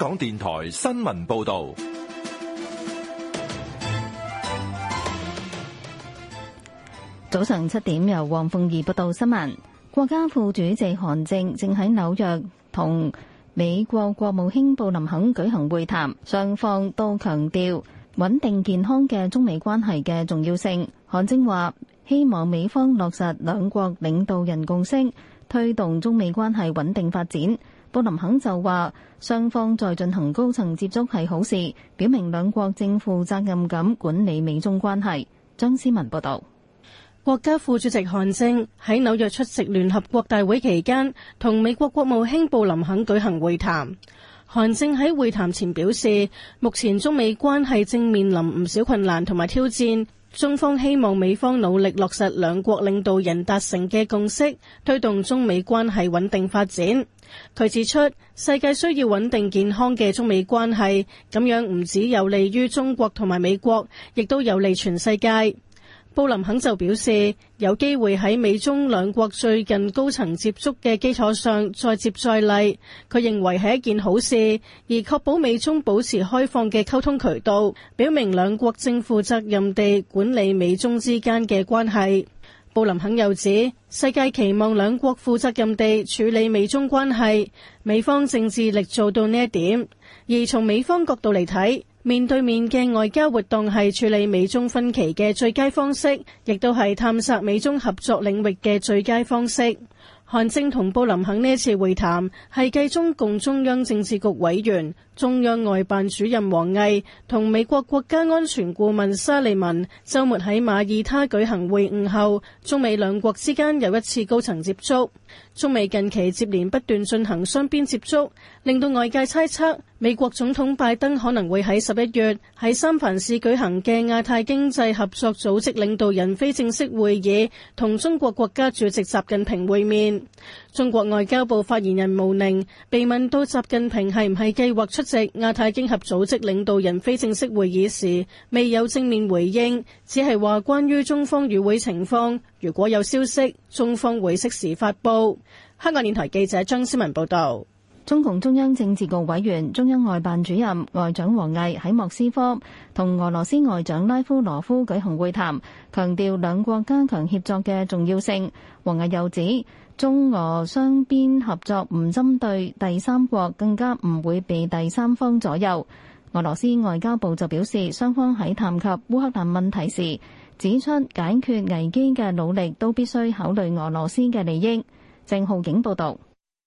港電台新聞報道，早上七點由黃鳳儀報道新聞。國家副主席韓正正喺紐約同美國國務卿布林肯舉行會談，雙方都強調穩定健康嘅中美關係嘅重要性。韓正話：希望美方落實兩國領導人共識，推動中美關係穩定發展。布林肯就話，雙方在進行高層接觸係好事，表明兩國政府負責任噉管理美中關係。張思文報道，國家副主席韓正喺紐約出席聯合國大會期間，同美國國務卿布林肯舉行會談。韓正喺會談前表示，目前中美關係正面臨唔少困難同埋挑戰。中方希望美方努力落實兩國領導人達成嘅共識，推動中美關係穩定發展。佢指出，世界需要穩定健康嘅中美關係，咁樣唔止有利於中國同埋美國，亦都有利全世界。布林肯就表示，有機會喺美中兩國最近高層接觸嘅基礎上再接再厲，佢認為係一件好事，而確保美中保持開放嘅溝通渠道，表明兩國正負責任地管理美中之間嘅關係。布林肯又指，世界期望兩國負責任地處理美中關係，美方正致力做到呢一點，而從美方角度嚟睇，面對面嘅外交活動係處理美中分歧嘅最佳方式，亦都係探索美中合作領域嘅最佳方式。韓正同布林肯呢一次會談係繼中共中央政治局委員。中央外辦主任王毅同美國國家安全顧問沙利文周末喺馬爾他舉行會晤後，中美兩國之間有一次高層接觸。中美近期接連不斷進行雙邊接觸，令到外界猜測美國總統拜登可能會喺十一月喺三藩市舉行嘅亞太經濟合作組織領導人非正式會議同中國國家主席習近平會面。中國外交部發言人毛寧被問到習近平係唔係計劃出亞太經合組織領導人非正式會議時，未有正面回應，只係話關於中方與會情況，如果有消息，中方會適時發佈。香港電台記者張思文報道。中共中央政治局委員、中央外辦主任、外長王毅喺莫斯科同俄羅斯外長拉夫羅夫舉行會談，強調兩國加強協，協作嘅重要性。王毅又指，中俄雙邊合作唔針對第三國，更加唔會被第三方左右。俄羅斯外交部就表示，雙方喺談及烏克蘭問題時，指出解決危機嘅努力都必須考慮俄羅斯嘅利益。鄭浩景報道。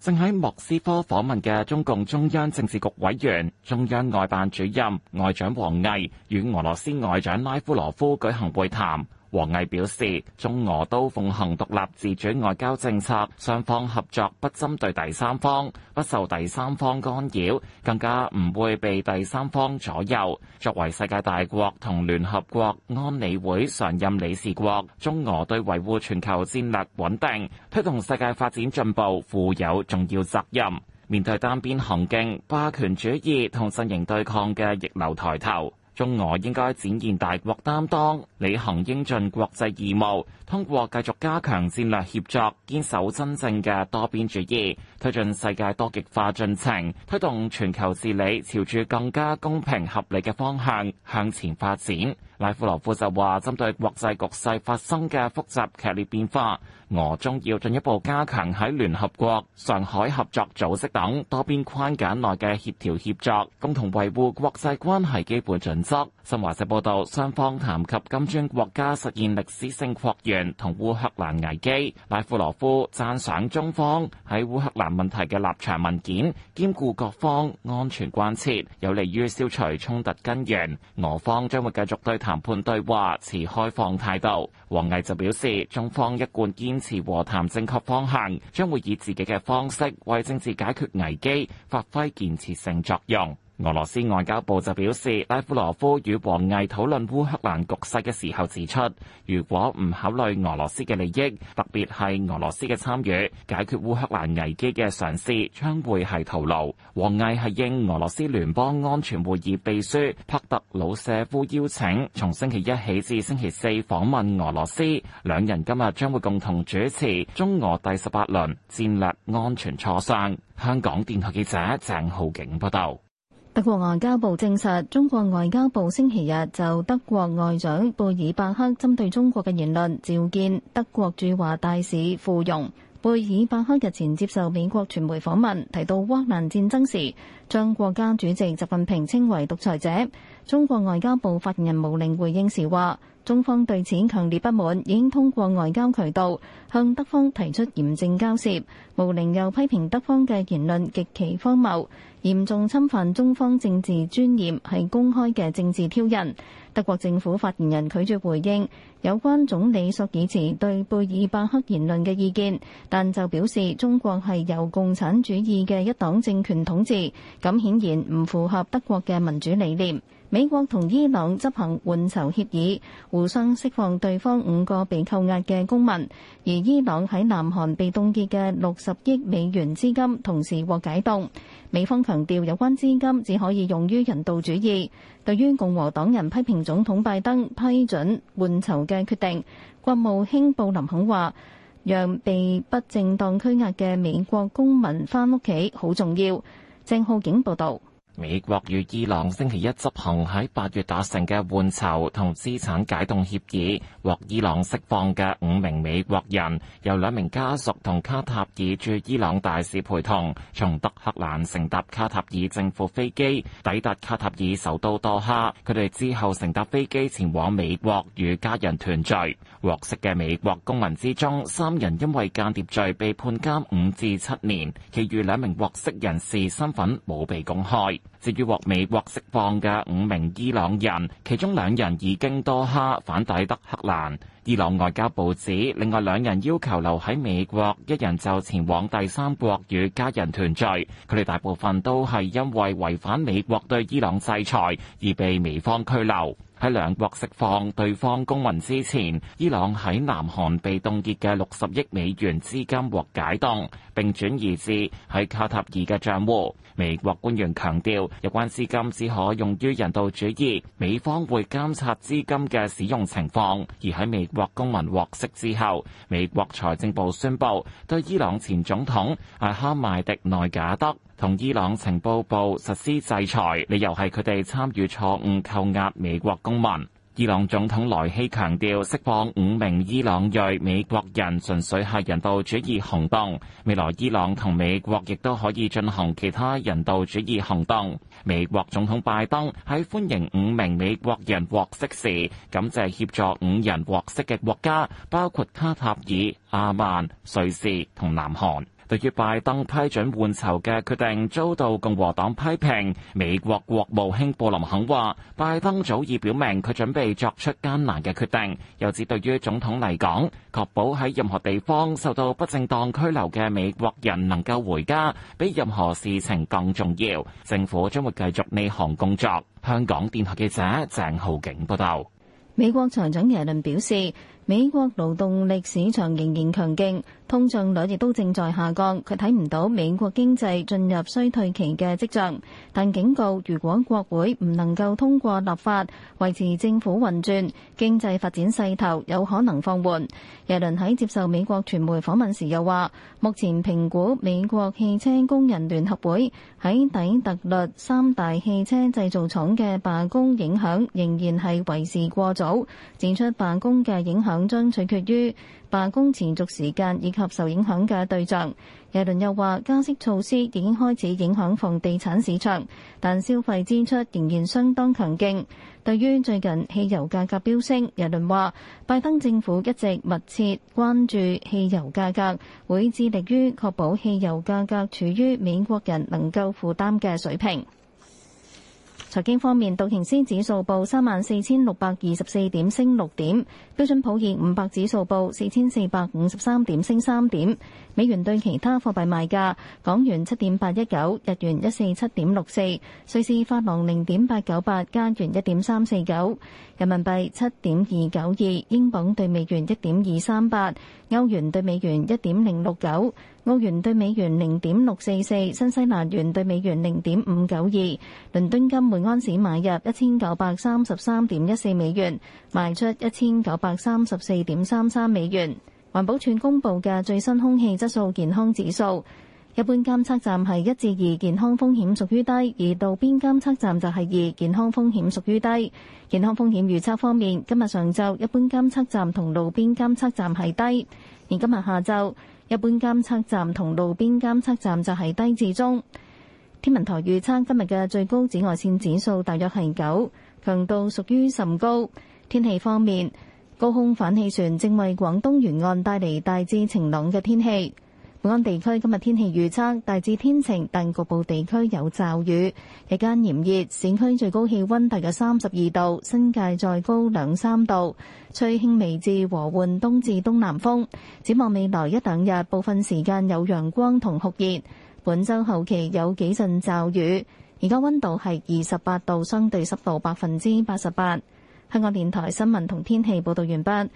正喺莫斯科訪問嘅中共中央政治局委員、中央外辦主任、外長王毅與俄羅斯外長拉夫羅夫舉行會談。王毅表示，中俄都奉行獨立自主外交政策，雙方合作不針對第三方，不受第三方干擾，更加唔會被第三方左右。作為世界大國同聯合國安理會常任理事國，中俄對維護全球戰略穩定、推動世界發展進步負有重要責任。面對單邊行徑，霸權主義同陣營對抗嘅逆流抬頭。中俄應該展現大國擔當，履行應盡國際義務，通過繼續加強戰略協作，堅守真正嘅多邊主義，推進世界多極化進程，推動全球治理朝住更加公平合理嘅方向向前發展。拉夫羅夫就話，針對國際局勢發生嘅複雜劇烈變化，俄中要進一步加強喺聯合國、上海合作組織等多邊框架內嘅協調協作，共同維護國際關係基本準則。新華社報道，雙方談及金磚國家實現歷史性擴員同烏克蘭危機，拉夫羅夫贊賞中方喺烏克蘭問題嘅立場文件，兼顧各方安全關切，有利於消除衝突根源。俄方將會繼續對談判對話持開放態度。王毅就表示，中方一貫堅持和談正確方向，將會以自己嘅方式為政治解決危機發揮建設性作用。俄羅斯外交部就表示，拉夫羅夫與王毅討論烏克蘭局勢嘅時候指出，如果唔考慮俄羅斯嘅利益，特別係俄羅斯嘅參與，解決烏克蘭危機嘅嘗試將會係徒勞。王毅係應俄羅斯聯邦安全會議秘書帕特魯舍夫邀請，從星期一起至星期四訪問俄羅斯。兩人今日將會共同主持中俄第十八輪戰略安全磋商。香港電台記者鄭浩景報道。德國外交部證實，中國外交部星期日就德國外長貝爾伯克針對中國嘅言論召見德國駐華大使傅容。貝爾伯克日前接受美國傳媒訪問，提到烏克蘭戰爭時，將國家主席習近平稱為獨裁者。中國外交部發言人毛寧回應時話。中方對此強烈不滿，已經通過外交渠道向德方提出嚴正交涉。毛寧又批評德方嘅言論極其荒謬，嚴重侵犯中方政治尊嚴，係公開嘅政治挑釁。德國政府發言人拒絕回應有關總理索爾茨對貝爾伯克言論嘅意見，但就表示中國係由共產主義嘅一黨政權統治，咁顯然唔符合德國嘅民主理念。美國同伊朗執行換囚協議，互相釋放對方五個被扣押嘅公民，而伊朗喺南韓被凍結嘅六十億美元資金同時獲解凍。美方強調有關資金只可以用於人道主義。對於共和黨人批評總統拜登批准換囚嘅決定，國務卿布林肯話：讓被不正當拘押嘅美國公民翻屋企好重要。鄭浩景報道。美國與伊朗星期一執行喺八月達成嘅換囚同資產解凍協議，獲伊朗釋放嘅五名美國人，有兩名家屬同卡塔爾駐伊朗大使陪同，從德黑蘭乘搭卡塔爾政府飛機抵達卡塔爾首都多哈。佢哋之後乘搭飛機前往美國與家人團聚。獲釋嘅美國公民之中，三人因為間諜罪被判監五至七年，其餘兩名獲釋人士身份冇被公開。至於獲美國釋放嘅五名伊朗人，其中兩人已經多哈返抵德黑蘭，伊朗外交部指另外兩人要求留喺美國，一人就前往第三國與家人團聚。佢哋大部分都係因為違反美國對伊朗制裁而被美方拘留。喺兩國釋放對方公民之前，伊朗喺南韓被凍結嘅六十億美元資金獲解凍並轉移至喺卡塔爾嘅帳戶。美國官員強調，有關資金只可用於人道主義，美方會監察資金嘅使用情況。而喺美國公民獲釋之後，美國財政部宣布對伊朗前總統阿哈邁迪內賈德，同伊朗情報部實施制裁，理由係佢哋參與錯誤扣押美國公民。伊朗總統萊希強調釋放五名伊朗裔美國人純粹係人道主義行動。未來伊朗同美國亦都可以進行其他人道主義行動。美國總統拜登喺歡迎五名美國人獲釋時，感謝協助五人獲釋嘅國家，包括卡塔爾、阿曼、瑞士同南韓。對於拜登批准換囚嘅決定遭到共和黨批評，美國國務卿布林肯話：拜登早已表明佢準備作出艱難嘅決定，又指對於總統嚟講，確保喺任何地方受到不正當拘留嘅美國人能夠回家，比任何事情更重要。政府將會繼續呢項工作。香港電台記者鄭浩景報道。美國財長耶倫表示，美國勞動力市場仍然強勁。通脹率亦都正在下降，佢睇唔到美國經濟進入衰退期嘅跡象，但警告如果國會唔能夠通過立法維持政府運轉，經濟發展勢頭有可能放緩。耶倫喺接受美國傳媒訪問時又話：目前評估美國汽車工人聯合會喺底特律三大汽車製造廠嘅罷工影響，仍然係為時過早，指出罷工嘅影響將取決於罷工持續時間。亦及受影響嘅對象，耶倫又話加息措施已經開始影響房地產市場，但消費支出仍然相當強勁。對於最近汽油價格飆升，耶倫話拜登政府一直密切關注汽油價格，會致力於確保汽油價格處於美國人能夠負擔嘅水平。財經方面，道瓊斯指數報3萬4千6百24點，升6點；標準普爾500指數報4千4百53點，升3點。美元對其他貨幣賣價：港元7.819，日元147.64，瑞士法郎0.898，加元1.349，人民幣7.292，英鎊對美元1.238，歐元對美元1.069。澳元對美元零點六四四，新西蘭元對美元零點五九二，倫敦金每安士買入一千九百三十三點一四美元，賣出一千九百三十四點三三美元。環保署公布嘅最新空氣質素健康指數，一般監測站係一至二，健康風險屬於低，而路邊監測站就係二，健康風險屬於低。健康風險預測方面，今日上晝一般監測站同路邊監測站係低，而今日下晝，一般監測站同路邊監測站就係低至中。天文台預測今日嘅最高紫外線指數大約係九，強度屬於甚高。天氣方面，高空反氣旋正為廣東沿岸帶嚟大致晴朗嘅天氣。本港地區今日天氣預測，大致天晴，但局部地區有驟雨。日間炎熱，市區最高氣温大約三十二度，新界再高兩三度。吹輕微至和緩東至東南風。展望未來一兩日，部分時間有陽光同酷熱。本周後期有幾陣驟雨。而家温度係二十八度，相對濕度百分之八十八。香港電台新聞同天氣報道完畢。